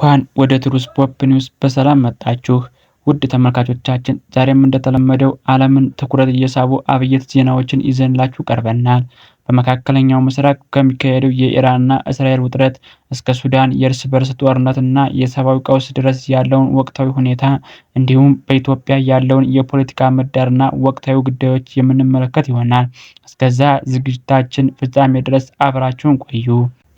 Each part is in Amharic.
እንኳን ወደ ትሩስ ፖፕ ኒውስ በሰላም መጣችሁ ውድ ተመልካቾቻችን። ዛሬም እንደተለመደው ዓለምን ትኩረት እየሳቡ አብየት ዜናዎችን ይዘንላችሁ ቀርበናል። በመካከለኛው ምስራቅ ከሚካሄደው የኢራንና እስራኤል ውጥረት እስከ ሱዳን የእርስ በርስ ጦርነትና የሰብአዊ ቀውስ ድረስ ያለውን ወቅታዊ ሁኔታ እንዲሁም በኢትዮጵያ ያለውን የፖለቲካ ምህዳርና ወቅታዊ ጉዳዮች የምንመለከት ይሆናል። እስከዛ ዝግጅታችን ፍጻሜ ድረስ አብራችሁን ቆዩ።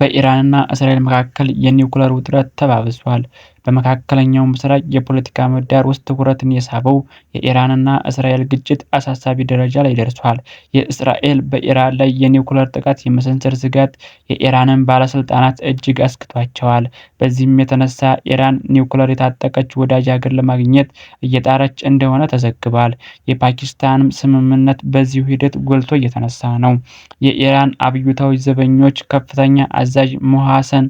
በኢራንና እስራኤል መካከል የኒውክለር ውጥረት ተባብሷል። በመካከለኛው ምስራቅ የፖለቲካ ምህዳር ውስጥ ትኩረትን የሳበው የኢራንና እስራኤል ግጭት አሳሳቢ ደረጃ ላይ ደርሷል። የእስራኤል በኢራን ላይ የኒውክለር ጥቃት የመሰንዘር ስጋት የኢራንን ባለስልጣናት እጅግ አስክቷቸዋል። በዚህም የተነሳ ኢራን ኒውክለር የታጠቀች ወዳጅ ሀገር ለማግኘት እየጣረች እንደሆነ ተዘግቧል። የፓኪስታን ስምምነት በዚሁ ሂደት ጎልቶ እየተነሳ ነው። የኢራን አብዮታዊ ዘበኞች ከፍተኛ አዛዥ ሙሐሰን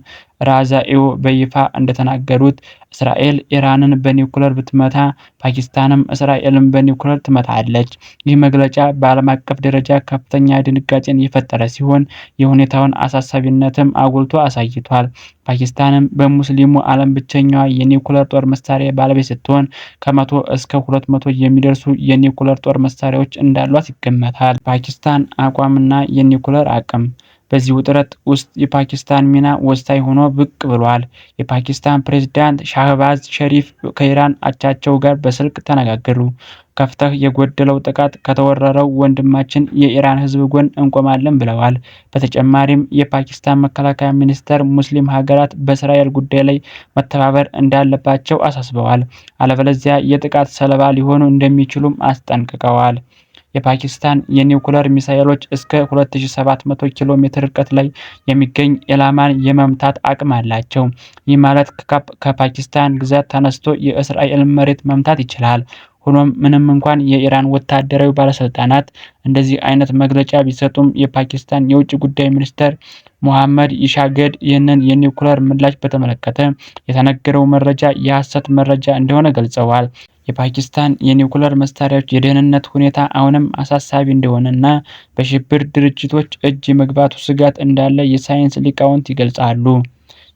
ራዛኤው በይፋ እንደተናገሩት እስራኤል ኢራንን በኒውክለር ብትመታ ፓኪስታንም እስራኤልን በኒውክለር ትመታለች። ይህ መግለጫ በዓለም አቀፍ ደረጃ ከፍተኛ ድንጋጤን የፈጠረ ሲሆን የሁኔታውን አሳሳቢነትም አጉልቶ አሳይቷል። ፓኪስታንም በሙስሊሙ ዓለም ብቸኛዋ የኒውክለር ጦር መሳሪያ ባለቤት ስትሆን ከመቶ እስከ ሁለት መቶ የሚደርሱ የኒውክለር ጦር መሳሪያዎች እንዳሏት ይገመታል። ፓኪስታን አቋምና የኒውክለር አቅም በዚህ ውጥረት ውስጥ የፓኪስታን ሚና ወሳኝ ሆኖ ብቅ ብሏል። የፓኪስታን ፕሬዝዳንት ሻህባዝ ሸሪፍ ከኢራን አቻቸው ጋር በስልክ ተነጋገሩ። ከፍተህ የጎደለው ጥቃት ከተወረረው ወንድማችን የኢራን ህዝብ ጎን እንቆማለን ብለዋል። በተጨማሪም የፓኪስታን መከላከያ ሚኒስተር ሙስሊም ሀገራት በእስራኤል ጉዳይ ላይ መተባበር እንዳለባቸው አሳስበዋል። አለበለዚያ የጥቃት ሰለባ ሊሆኑ እንደሚችሉም አስጠንቅቀዋል። የፓኪስታን የኒውክለር ሚሳይሎች እስከ 2700 ኪሎ ሜትር ርቀት ላይ የሚገኝ ኢላማን የመምታት አቅም አላቸው። ይህ ማለት ከፓኪስታን ግዛት ተነስቶ የእስራኤል መሬት መምታት ይችላል። ሆኖም ምንም እንኳን የኢራን ወታደራዊ ባለስልጣናት እንደዚህ አይነት መግለጫ ቢሰጡም የፓኪስታን የውጭ ጉዳይ ሚኒስተር ሞሐመድ ኢሻገድ ይህንን የኒውክለር ምላሽ በተመለከተ የተነገረው መረጃ የሐሰት መረጃ እንደሆነ ገልጸዋል። የፓኪስታን የኒውክለር መሳሪያዎች የደህንነት ሁኔታ አሁንም አሳሳቢ እንደሆነ እና በሽብር ድርጅቶች እጅ የመግባቱ ስጋት እንዳለ የሳይንስ ሊቃውንት ይገልጻሉ።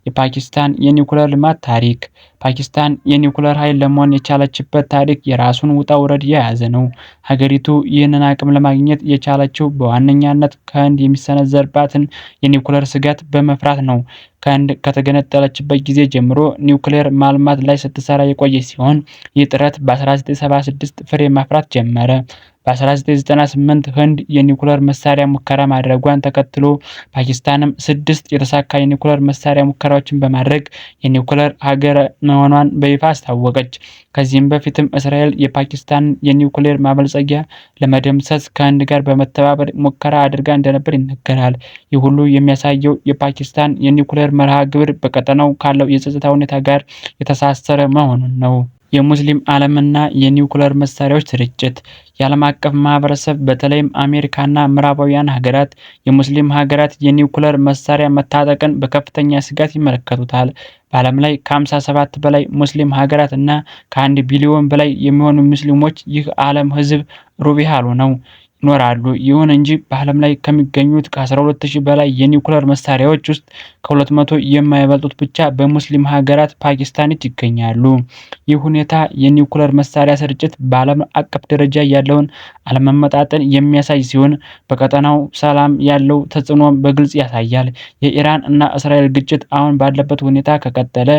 የፓኪስታን የኒውክለር ልማት ታሪክ ፓኪስታን የኒውክለር ኃይል ለመሆን የቻለችበት ታሪክ የራሱን ውጣ ውረድ የያዘ ነው። ሀገሪቱ ይህንን አቅም ለማግኘት የቻለችው በዋነኛነት ከህንድ የሚሰነዘርባትን የኒውክለር ስጋት በመፍራት ነው። ከህንድ ከተገነጠለችበት ጊዜ ጀምሮ ኒውክሌር ማልማት ላይ ስትሰራ የቆየ ሲሆን ይህ ጥረት በ1976 ፍሬ ማፍራት ጀመረ። በ1998 ህንድ የኒኩለር መሳሪያ ሙከራ ማድረጓን ተከትሎ ፓኪስታንም ስድስት የተሳካ የኒኩለር መሳሪያ ሙከራዎችን በማድረግ የኒኩለር ሀገር መሆኗን በይፋ አስታወቀች። ከዚህም በፊትም እስራኤል የፓኪስታን የኒኩሌር ማበልጸጊያ ለመደምሰስ ከህንድ ጋር በመተባበር ሙከራ አድርጋ እንደነበር ይነገራል። ይህ ሁሉ የሚያሳየው የፓኪስታን የኒኩሌር መርሃ ግብር በቀጠናው ካለው የጸጥታ ሁኔታ ጋር የተሳሰረ መሆኑን ነው። የሙስሊም ዓለምና የኒውክለር መሳሪያዎች ስርጭት የዓለም አቀፍ ማህበረሰብ በተለይም አሜሪካና ምዕራባውያን ሀገራት የሙስሊም ሀገራት የኒውክለር መሳሪያ መታጠቅን በከፍተኛ ስጋት ይመለከቱታል። በዓለም ላይ ከ57 በላይ ሙስሊም ሀገራት እና ከአንድ ቢሊዮን በላይ የሚሆኑ ሙስሊሞች ይህ ዓለም ህዝብ ሩብ ያህሉ ነው። ይኖራሉ። ይሁን እንጂ በዓለም ላይ ከሚገኙት ከ12000 በላይ የኒውክለር መሳሪያዎች ውስጥ ከ200 የማይበልጡት ብቻ በሙስሊም ሀገራት ፓኪስታኖች ይገኛሉ። ይህ ሁኔታ የኒውክለር መሳሪያ ስርጭት በዓለም አቀፍ ደረጃ ያለውን አለመመጣጠን የሚያሳይ ሲሆን በቀጠናው ሰላም ያለው ተጽዕኖ በግልጽ ያሳያል። የኢራን እና እስራኤል ግጭት አሁን ባለበት ሁኔታ ከቀጠለ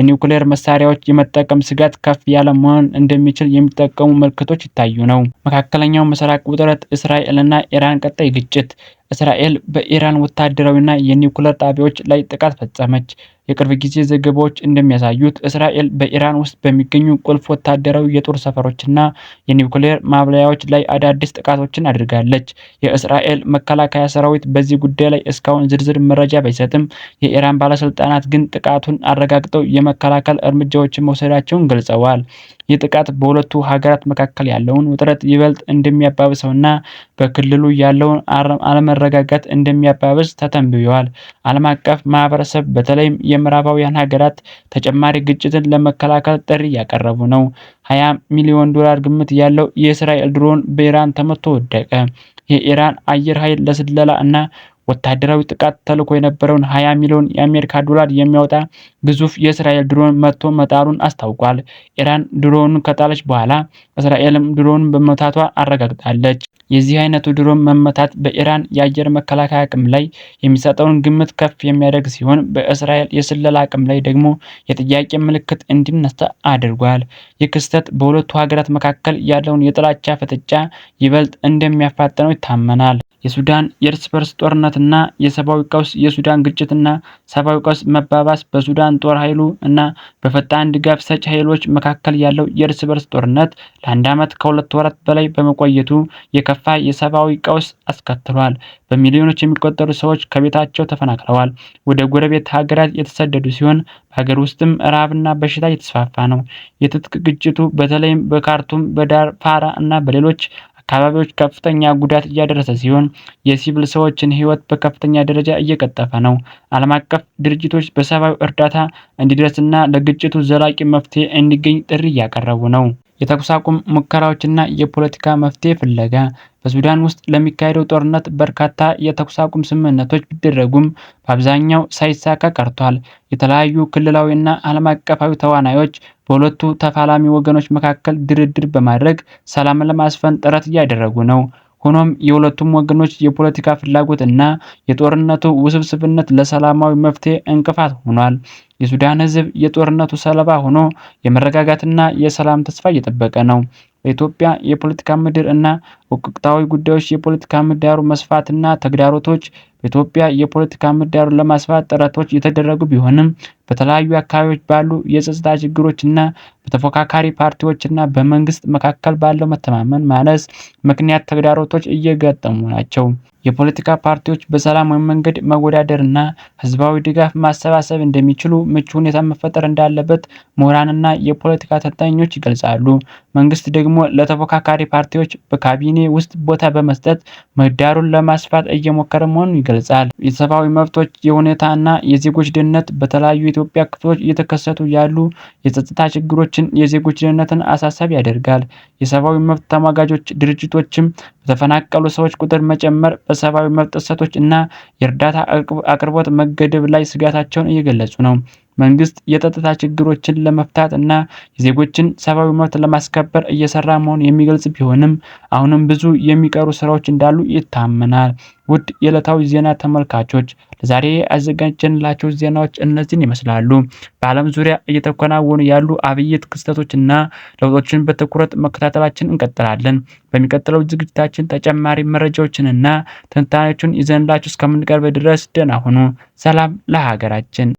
የኒውክሌር መሳሪያዎች የመጠቀም ስጋት ከፍ ያለ መሆን እንደሚችል የሚጠቀሙ ምልክቶች ይታዩ ነው። መካከለኛው ምስራቅ ውጥረት እስራኤልና ኢራን ቀጣይ ግጭት እስራኤል በኢራን ወታደራዊና የኒውክለር ጣቢያዎች ላይ ጥቃት ፈጸመች። የቅርብ ጊዜ ዘገባዎች እንደሚያሳዩት እስራኤል በኢራን ውስጥ በሚገኙ ቁልፍ ወታደራዊ የጦር ሰፈሮችና የኒውክሌር ማብለያዎች ላይ አዳዲስ ጥቃቶችን አድርጋለች። የእስራኤል መከላከያ ሰራዊት በዚህ ጉዳይ ላይ እስካሁን ዝርዝር መረጃ ባይሰጥም የኢራን ባለስልጣናት ግን ጥቃቱን አረጋግጠው የመከላከል እርምጃዎችን መውሰዳቸውን ገልጸዋል። ይህ ጥቃት በሁለቱ ሀገራት መካከል ያለውን ውጥረት ይበልጥ እንደሚያባብሰውና በክልሉ ያለውን አለመረ አለመረጋጋት እንደሚያባብስ ተተንብዮዋል። ዓለም አቀፍ ማህበረሰብ በተለይም የምዕራባውያን ሀገራት ተጨማሪ ግጭትን ለመከላከል ጥሪ እያቀረቡ ነው። 20 ሚሊዮን ዶላር ግምት ያለው የእስራኤል ድሮን በኢራን ተመቶ ወደቀ። የኢራን አየር ኃይል ለስለላ እና ወታደራዊ ጥቃት ተልኮ የነበረውን 20 ሚሊዮን የአሜሪካ ዶላር የሚያወጣ ግዙፍ የእስራኤል ድሮን መጥቶ መጣሉን አስታውቋል። ኢራን ድሮኑን ከጣለች በኋላ እስራኤልም ድሮኑን በመታቷ አረጋግጣለች። የዚህ አይነቱ ድሮን መመታት በኢራን የአየር መከላከያ አቅም ላይ የሚሰጠውን ግምት ከፍ የሚያደርግ ሲሆን በእስራኤል የስለላ አቅም ላይ ደግሞ የጥያቄ ምልክት እንዲነሳ አድርጓል። ይህ ክስተት በሁለቱ ሀገራት መካከል ያለውን የጥላቻ ፍጥጫ ይበልጥ እንደሚያፋጥነው ይታመናል። የሱዳን የእርስ በርስ ጦርነትና የሰብአዊ ቀውስ የሱዳን ግጭትና ሰብአዊ ቀውስ መባባስ በሱዳን ጦር ኃይሉ እና በፈጣን ድጋፍ ሰጪ ኃይሎች መካከል ያለው የእርስ በርስ ጦርነት ለአንድ ዓመት ከሁለት ወራት በላይ በመቆየቱ የከፋ የሰብአዊ ቀውስ አስከትሏል። በሚሊዮኖች የሚቆጠሩ ሰዎች ከቤታቸው ተፈናቅለዋል፣ ወደ ጎረቤት ሀገራት የተሰደዱ ሲሆን በሀገር ውስጥም ረሃብና በሽታ የተስፋፋ ነው። የትጥቅ ግጭቱ በተለይም በካርቱም በዳርፋራ እና በሌሎች አካባቢዎች ከፍተኛ ጉዳት እያደረሰ ሲሆን የሲቪል ሰዎችን ህይወት በከፍተኛ ደረጃ እየቀጠፈ ነው። ዓለም አቀፍ ድርጅቶች በሰብአዊ እርዳታ እንዲደርስና ለግጭቱ ዘላቂ መፍትሄ እንዲገኝ ጥሪ እያቀረቡ ነው። የተኩስ አቁም ሙከራዎችና የፖለቲካ መፍትሄ ፍለጋ በሱዳን ውስጥ ለሚካሄደው ጦርነት በርካታ የተኩስ አቁም ስምምነቶች ቢደረጉም በአብዛኛው ሳይሳካ ቀርቷል። የተለያዩ ክልላዊና ዓለም አቀፋዊ ተዋናዮች በሁለቱ ተፋላሚ ወገኖች መካከል ድርድር በማድረግ ሰላምን ለማስፈን ጥረት እያደረጉ ነው። ሆኖም የሁለቱም ወገኖች የፖለቲካ ፍላጎት እና የጦርነቱ ውስብስብነት ለሰላማዊ መፍትሄ እንቅፋት ሆኗል። የሱዳን ሕዝብ የጦርነቱ ሰለባ ሆኖ የመረጋጋትና የሰላም ተስፋ እየጠበቀ ነው። በኢትዮጵያ የፖለቲካ ምድር እና ወቅታዊ ጉዳዮች የፖለቲካ ምህዳሩ መስፋትና ተግዳሮቶች በኢትዮጵያ የፖለቲካ ምህዳሩን ለማስፋት ጥረቶች የተደረጉ ቢሆንም በተለያዩ አካባቢዎች ባሉ የጸጥታ እና በተፎካካሪ ፓርቲዎችና በመንግስት መካከል ባለው መተማመን ማነስ ምክንያት ተግዳሮቶች እየገጠሙ ናቸው የፖለቲካ ፓርቲዎች በሰላማዊ መንገድ መወዳደርና ህዝባዊ ድጋፍ ማሰባሰብ እንደሚችሉ ምቹ ሁኔታ መፈጠር እንዳለበት ምሁራንና የፖለቲካ ተንታኞች ይገልጻሉ። መንግስት ደግሞ ለተፎካካሪ ፓርቲዎች በካቢኔ ውስጥ ቦታ በመስጠት ምህዳሩን ለማስፋት እየሞከረ መሆኑን ይገልጻል። የሰብአዊ መብቶች እና የዜጎች ደህንነት በተለያዩ የኢትዮጵያ ክፍሎች እየተከሰቱ ያሉ የጸጥታ ችግሮችን የዜጎች ደህንነትን አሳሳቢ ያደርጋል። የሰብአዊ መብት ተሟጋጆች ድርጅቶችም በተፈናቀሉ ሰዎች ቁጥር መጨመር፣ በሰብአዊ መብት ጥሰቶች እና የእርዳታ አቅርቦት መገደብ ላይ ስጋታቸውን እየገለጹ ነው። መንግስት የጸጥታ ችግሮችን ለመፍታት እና የዜጎችን ሰብአዊ መብት ለማስከበር እየሰራ መሆን የሚገልጽ ቢሆንም አሁንም ብዙ የሚቀሩ ስራዎች እንዳሉ ይታመናል። ውድ የዕለታዊ ዜና ተመልካቾች ለዛሬ አዘጋጀንላቸው ዜናዎች እነዚህን ይመስላሉ። በዓለም ዙሪያ እየተከናወኑ ያሉ አብይት ክስተቶችና ለውጦችን በትኩረት መከታተላችን እንቀጥላለን። በሚቀጥለው ዝግጅታችን ተጨማሪ መረጃዎችንና ትንታኔዎችን ይዘንላችሁ እስከምንቀርብ ድረስ ደህና ሁኑ። ሰላም ለሀገራችን።